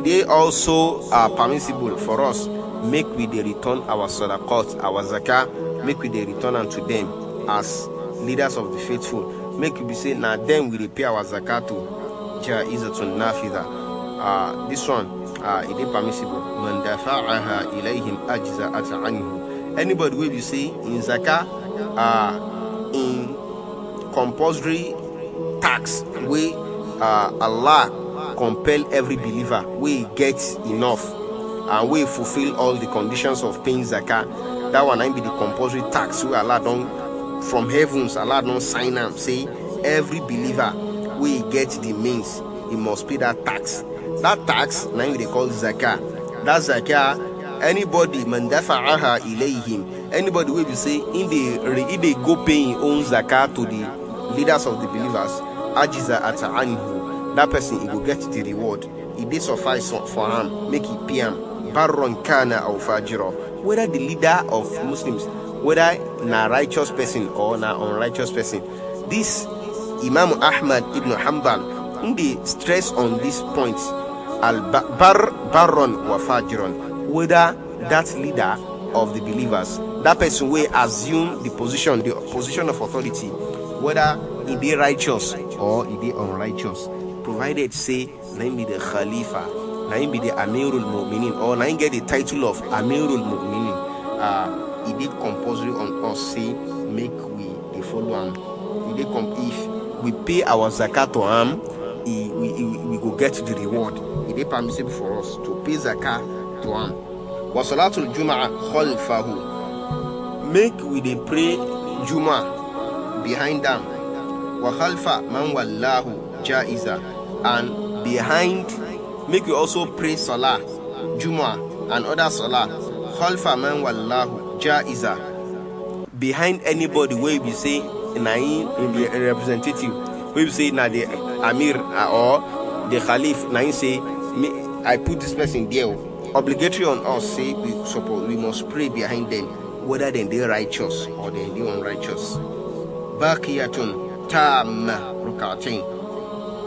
they also are permissible for us make we they return our sadaqat our zakah make we they return unto them as leaders of the faithful make we say now nah, then we repay our zakat to to nafida uh, this one uh, it is permissible man ilayhim ajza anhu anybody will you say in zakah uh, in compulsory tax we uh, Allah compel every believer we get enough and we fulfill all the conditions of paying zakah. That one I be the compulsory tax we Allah don't from heavens Allah don't sign up. Say every believer we get the means he must pay that tax. That tax now they call zakah. That zakah anybody mandafa'aha him. anybody will be say in the in the go paying own zakah to the leaders of the believers ajiza anhu that person he will get the reward If they suffice for him, make it pay baron kana or fajiro whether the leader of muslims whether na righteous person or na unrighteous person this imam ahmad ibn hanbal im stress on this point al bar baron wa fajiron whether that leader of the believers that person will assume the position the position of authority whether he be righteous or he be unrighteous provided say na him be the khalifa na him be the amirul mu'minin or na him get the title of amirul mu'minin uh, ah, he did compulsory on us say make we dey follow am he dey comp if we pay our zakat to am he we, he we go get the reward he dey permissible for us to pay zakat to am wasalatul jumaa khalfahu make we dey pray juma behind am wa khalfa man wallahu Jaiza. And behind, make you also pray Salah, Jum'ah and other Salah. Khalfa man wallahu Jaiza. Behind anybody where we say Naim representative, we say na the Amir uh, or the Khalif, Naim say, I put this person there. Obligatory on us say we support, we must pray behind them, whether they are righteous or they are unrighteous. باقية tam rukatin.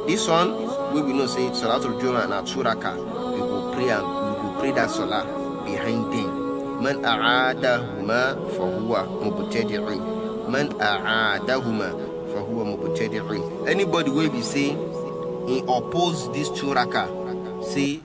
This one, we will not say it's Salatul Juma na Suraka. We will pray and we will pray that Salah behind them. Man a'adahuma fahuwa mubtadi'un. Man a'adahuma fahuwa mubtadi'un. Anybody will be say he oppose this two raka, say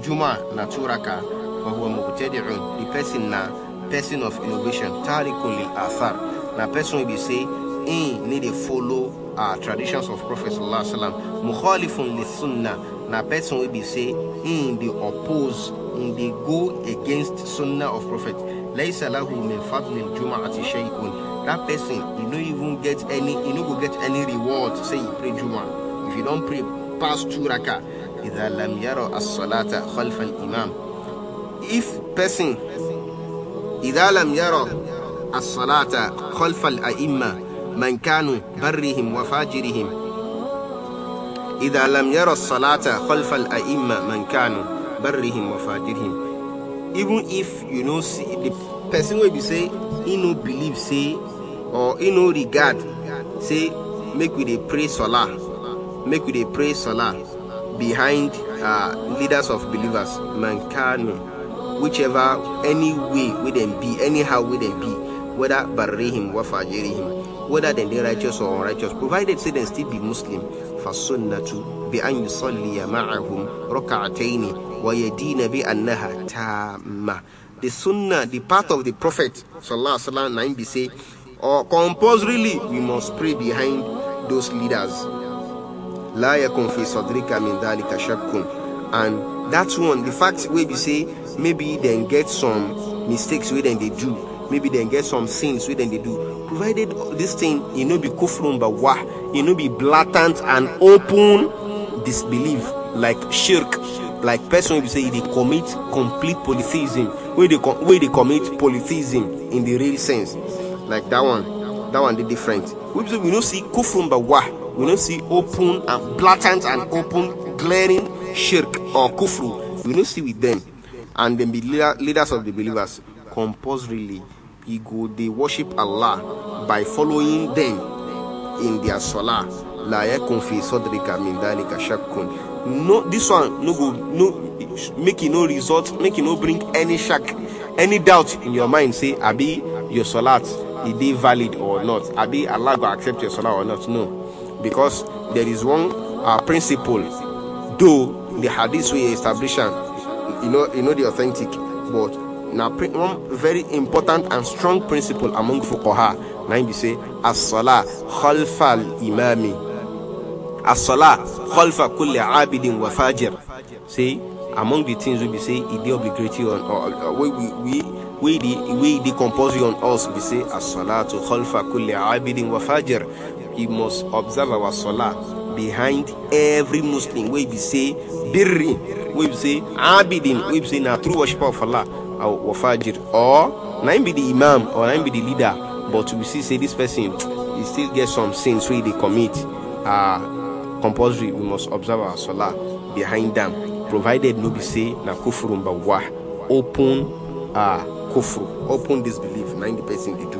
Juma na two raka fahuwa mubtadi'un. The person na person of innovation, tarikul lil athar. Na person will be say he need to follow uh, traditions of Prophet mukhalifun li sunnah na person wey be say im dey oppose im dey go against sunnah of Prophet laisa lahu min fadlil juma'ati shay'un that person e no even get any e no go get any reward say e pray juma if you don pray pass two raka idha lam yara as-salata khalf al-imam if person idha lam yara as-salata khalf al-a'imma من كانوا برهم وفاجرهم إذا لم يرى الصلاة خلف الأئمة من كانوا برهم وفاجرهم even if you know see the person will be say he no believe say or he no regard say make we dey pray salah make we dey pray salah behind uh, leaders of believers man mankano whichever any way wey dem be anyhow wey dem be whether barrehim wafajerehim whether then they're righteous or unrighteous, provided say they still be Muslim. فَالسُنَّةُ بِأَنْ يُصَلِّيَ مَعَهُمْ رَكَعَتَيْنِ وَيَدِينَ بِأَنَّهَا تَامَّةٌ The sunnah, the path of the Prophet, sallallahu alaihi wasallam, nine be say, or compulsorily, we must pray behind those leaders. لا يكن في صدرك من ذلك and that's one the fact where we say maybe then get some mistakes where then they do maybe they get some sins we then they do provided this thing you know be kufrun but wah you know be blatant and open disbelief like shirk like person who say they commit complete polytheism where they where they commit polytheism in the real sense like that one that one the different we don't see kufrun but wah we don't see open and blatant and open glaring shirk or kufru we don't see with them and the leaders of the believers compulsorily you go they worship Allah by following them in their salah. La yakun fi sadrika min dalika No, this one no go no make it no result, make it no bring any shak, any doubt in your mind. Say, Abi, your salat is they valid or not? Abi, Allah go accept your salah or not? No, because there is one uh, principle. Though the hadith we establish, you know, you know the authentic, but now, one very important and strong principle among fuqaha, now you say, as-salah khalfa al-imami. As-salah khalfa kulli abidin wa fajir. See, among the things we be say, it will be greater on, or, we, we, we we the we the compulsory on us we say as to khalfa kulli abidin wa fajr we must observe our salah behind every muslim we be say birri we be say abidin we be say na true worship of allah or fajr or be the imam or I him be the leader but we see say this person he still get some sins where they commit uh, compulsory we must observe our salah behind them provided no be say na kufurun bawah open uh, kufru open disbelief na the person dey do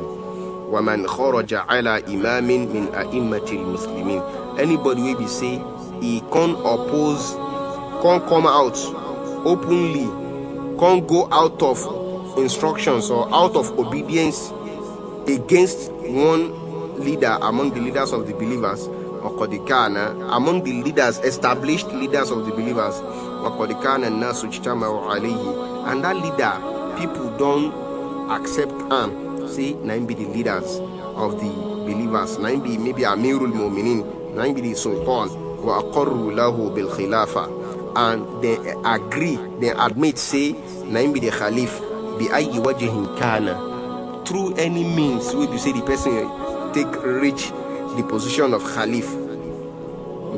ومن خرج على إمام من أئمة المسلمين anybody will be say he can oppose can come out openly can't go out of instructions or out of obedience against one leader among the leaders of the believers among the leaders established leaders of the believers and that leader people don't accept am See, nine be the leaders of the believers Nine be maybe amirul mu'minin Nine be the sultan wa aqarru lahu and they agree, they admit, say, Naim be the Khalif, be ayi wajihin kana. Through any means, we be say the person take reach the position of Khalif.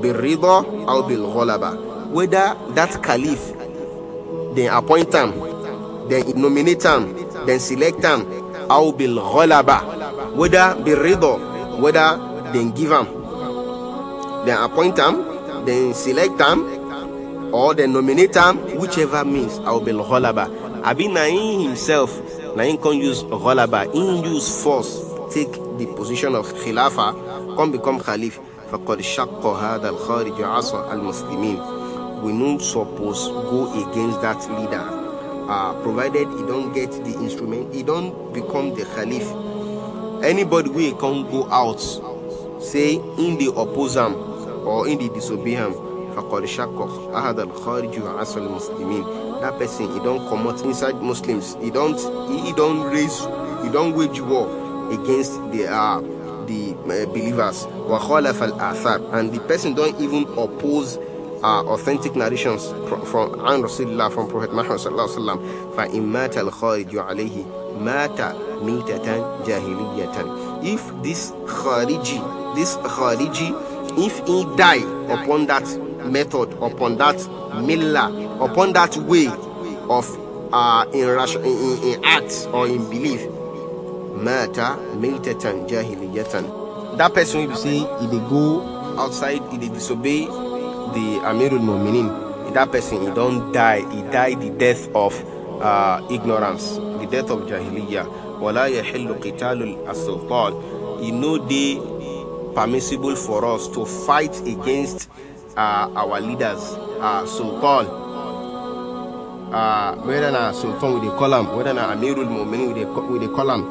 Be rida or be ghalaba. Whether that Khalif, they appoint him, they nominate him, then select him, or be ghalaba. Whether be rida, whether then give him, then appoint him, then select him, or the nominator, whichever means, I'll be Ghalaba. Abi Nain himself, Nain can use Ghalaba, in use force, take the position of Khilafa, can become Khalif. فقد شق هذا الخارج عصا المسلمين we not suppose go against that leader uh, provided he don't get the instrument he don't become the khalif anybody we can go out say in the oppose or in the disobedience. فقد shakok هذا الخارج kharij المسلمين asal muslimin that person he don't come out inside muslims he don't he don't raise he don't wage war against the uh, the uh, believers wa khalaf athar and the person don't even oppose uh, authentic narrations from, an Rasulullah from Prophet Muhammad sallallahu alaihi wasallam fa in mata al kharij alayhi mata mitatan jahiliyatan if this khariji this khariji if he die upon that method, upon that millah, upon that way of uh, in, in, in or in belief. Mata miltatan jahiliyatan. That person will say if they go outside, if they disobey the Amirul Mu'minin, that person he don't die, he died the death of uh, ignorance, the death of jahiliyah. Wala yahillu qitalul as-sultan. You know they permissible for us to fight against uh, our leaders uh, so called uh, whether na sultan we dey call am whether na amirul mu'minin we dey call am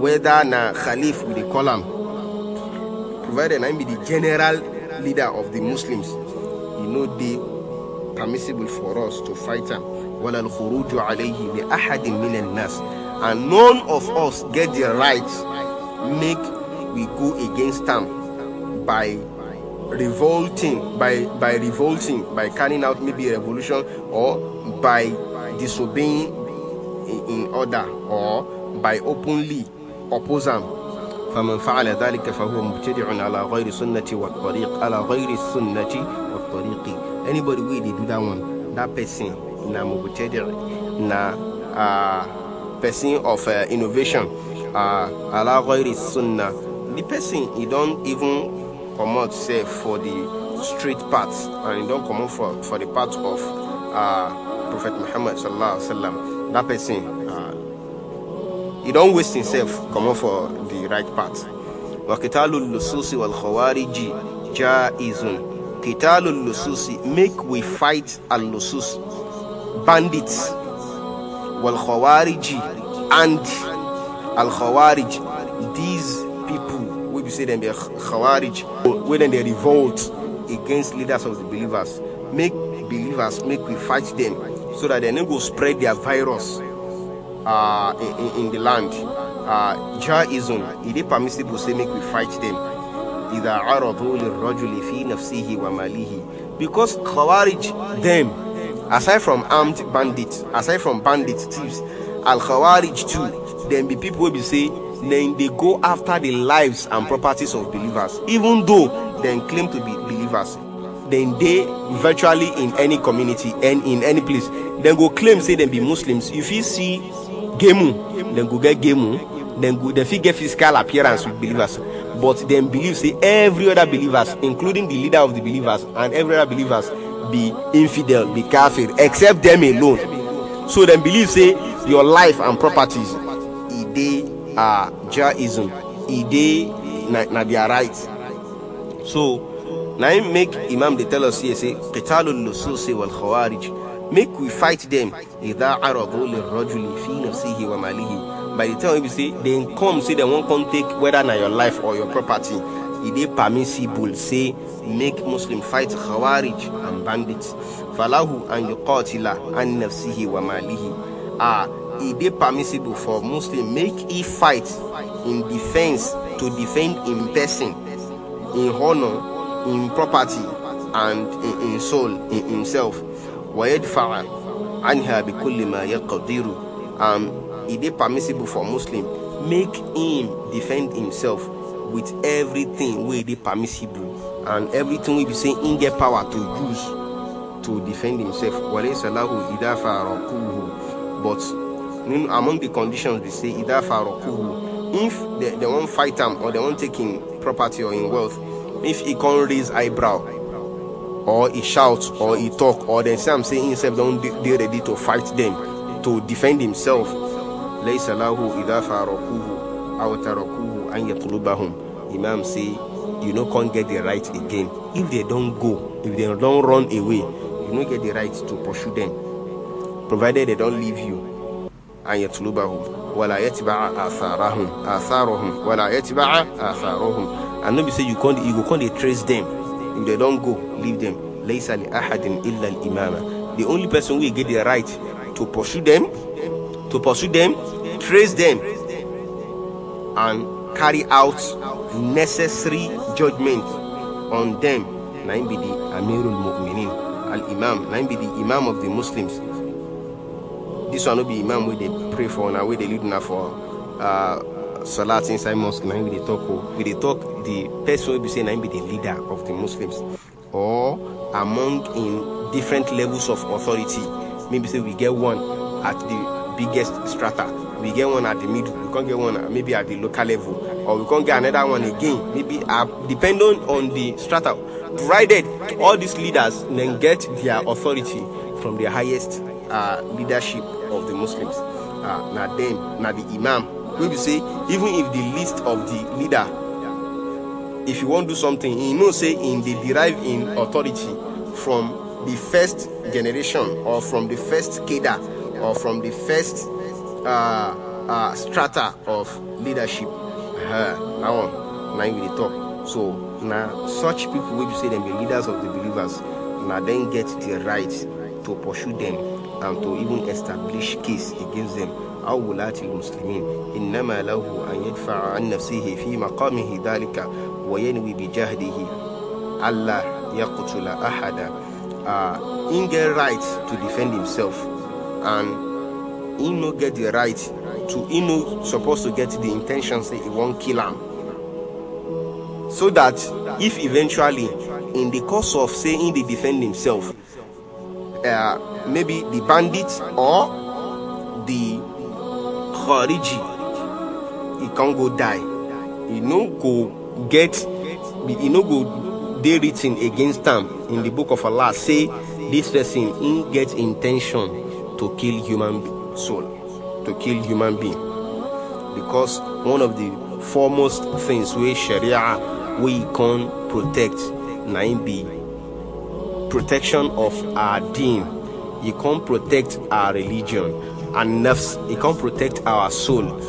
whether na khalif with the column, am provided na him be the general leader of the muslims you know, the permissible for us to fight him. wala al-khuruju alayhi li ahadin min an-nas and none of us get the right make we go against am by revolting by by revolting by carrying out maybe a revolution or by disobeying in, in order or by openly opposing. am فمن فعل ذلك فهو مبتدع على غير سنتي والطريق على غير السنة والطريق anybody who did do that one that person na مبتدع na uh, person of uh, innovation uh, على غير السنة the person he don't even Come out say for the street path and don't come comot for for the path of uh, prophet muhammad sallallahu alaihi wasallam That person uh, don't waste himself Come out for the right path وقتال اللصوص والخوارج جائز قتال اللصوص make we fight اللصوص bandits khawariji and al-khawarij these say them be Khawarij, when they revolt against leaders of the believers, make believers, make we fight them so that they no go spread their virus uh, in, in, the land. Uh, Jaism, it is permissible say make we fight them. إذا عرضوا للرجل في نفسه وماله because Khawarij them aside from armed bandits aside from bandit thieves Al Khawarij too them be people will be say then they go after the lives and properties of believers, even though they claim to be believers. Then they virtually in any community and in any place, then go claim say they be Muslims. If you see gemu, then go get gemu, then go they figure physical appearance with believers. But then believe say every other believers, including the leader of the believers and every other believers, be infidel, be kafir, except them alone. So then believe say your life and properties uh, Jaism, Ide na, na their right. So, now make Imam they tell us here say, Qitalul Lususi wal Khawarij, make we fight them. Idha aragu lirrajuli fi nafsihi wa malihi. By the time you say, then come say they won't come take whether na your life or your property. Ide dey permissible say make muslim fight khawarij and bandits falahu an yuqatila an nafsihi wa malihi ah It dey permissible for muslim make e fight in defence to defend in person in honour in property and in im soul in himself wayedfa'a anha bikulli ma yaqdiru and e dey permissible for muslim make him defend himself with everything wey dey permissible and everything wey be say him get power to use to defend himself walaysa lahu idafa but among the conditions we say either farokuhu if they, they won't fight him or they won't take property or in wealth if he can't raise eyebrow or he shouts or he talk or they say i'm saying himself don't be ready to fight them to defend himself ليس له إذا فارقوه أو تركوه أن Imam say you no can't get the right again if they don't go if they don't run away you no get the right to pursue them provided they don't leave you أن يطلبه ولا يتبع آثارهم آثارهم ولا يتبع آثارهم النبي said you can't you can't trace them if they don't go leave them ليس لأحد إلا imam. the only person who get the right to pursue them to pursue them trace them and carry out necessary judgment on them na him be the Amirul Mu'minin al-Imam na him be the Imam of the Muslims This one will be imam where they pray for and where they lead now for uh, salat inside mosque. Now we they talk, oh. we they talk the person will be saying, I'm be the leader of the Muslims or among in different levels of authority. Maybe say we get one at the biggest strata we get one at the middle we can't get one maybe at the local level or we can't get another one again maybe uh, depending on the strata provided all these leaders then get their authority from the highest uh, leadership of the muslims ah na dem na the imam wey say even if the list of the leader if you wan do something he know say in dey derive in authority from the first generation or from the first cadre or from the first uh, uh, strata of leadership uh, that one na him we dey talk so na such people wey be say them be leaders of the believers na then get the right to pursue them. and to even establish case against them أو ولاة المسلمين إنما له أن يدفع عن نفسه في مقامه ذلك وينوي بجهده ألا يقتل أحدا uh, in get right to defend himself and he no get the right to he no supposed to get the intention say he won't kill him so that if eventually in the course of saying he defend himself uh, maybe the bandits or the Khariji, he can't go die. He no go get, he no go they written against them in the book of Allah. Say this person in get intention to kill human soul, to kill human being, because one of the foremost things we Sharia we can protect, nine be protection of our deen. He can't protect our religion and nerves He can't protect our soul.